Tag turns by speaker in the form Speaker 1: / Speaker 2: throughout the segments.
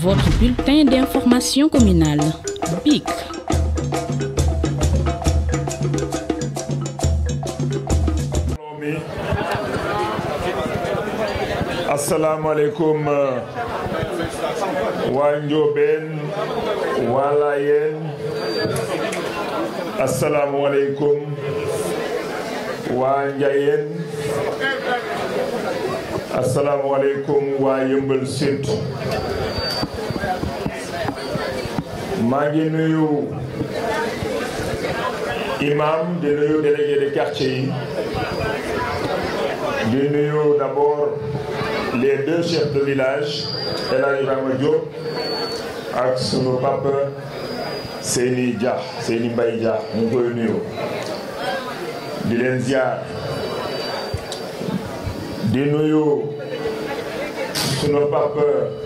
Speaker 1: Votre bulletin d'information communale, BIC. assalamu euh, alaikum Wa Njoobeen Wa alaikum assalamu alaikum Wa alaikum assalamu alaikum Wa ma imam de nouveau délégué de quartier yi d'abord les deux chefs de village El arrive à Diop ak son papa Seni Dia Seyni Mbaye Dia ñu di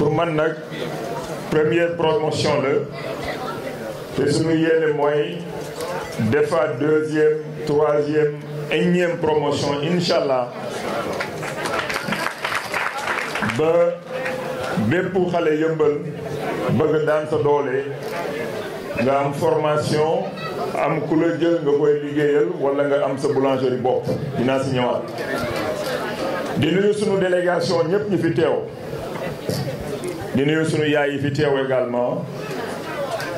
Speaker 1: pour man nag première promotion la te suñu yéene mooy defaat deuxième troisième énième promotion Inch'Allah. allah ba pour xale yëmbal bëgg daan sa doole nga am formation am ku la nga koy liggéeyal wala nga am sa boulangerie bop dina si ñëwaat. di nuyu sunu délégation ñëpp ñi fi téw di nuyu sunu yaay yi fi teew également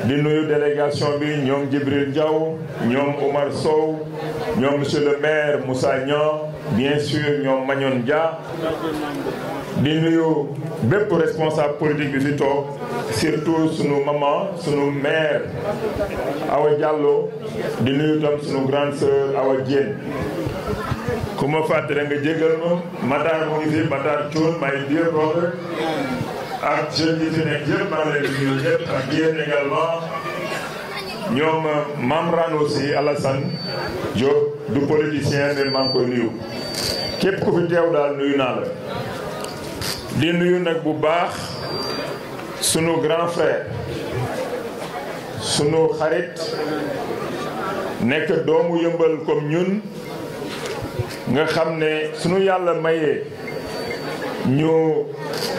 Speaker 1: di nuyu délégation bi ñoom Djibril Ndiaw ñoom Omar Sow ñoom monsieur le maire Moussa Niang bien sûr ñoom Magnon Dia di nuyu bépp responsable politique bi fi toog surtout sunu maman sunu maire Awa Diallo di nuyu tam sunu grande sœur Awa Diène ku ma fàttali nga jégal ma Matar mu ngi fi Matar Thioune my dear brother ak jeunes yi fi nekk yëpp euh, du politicien mais koy nuyu. képp ku fi teew daal nuyu naa la. di nuyu nag bu baax sunu grand frère sunu xarit nekk doomu yëmbal comme ñun nga xam ne sunu yàlla mayee. nous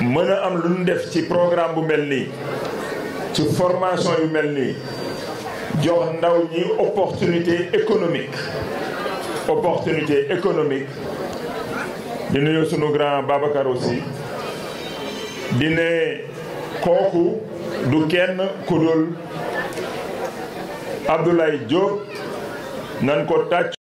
Speaker 1: mën a am programmes ñu def ci programme bu ci formation yu mel nii jox ndaw ñi opportunité économique opportunité économique di nuyu sunu grand Babacar aussi di ne kooku du kenn ku Abdoulaye Diop nan ko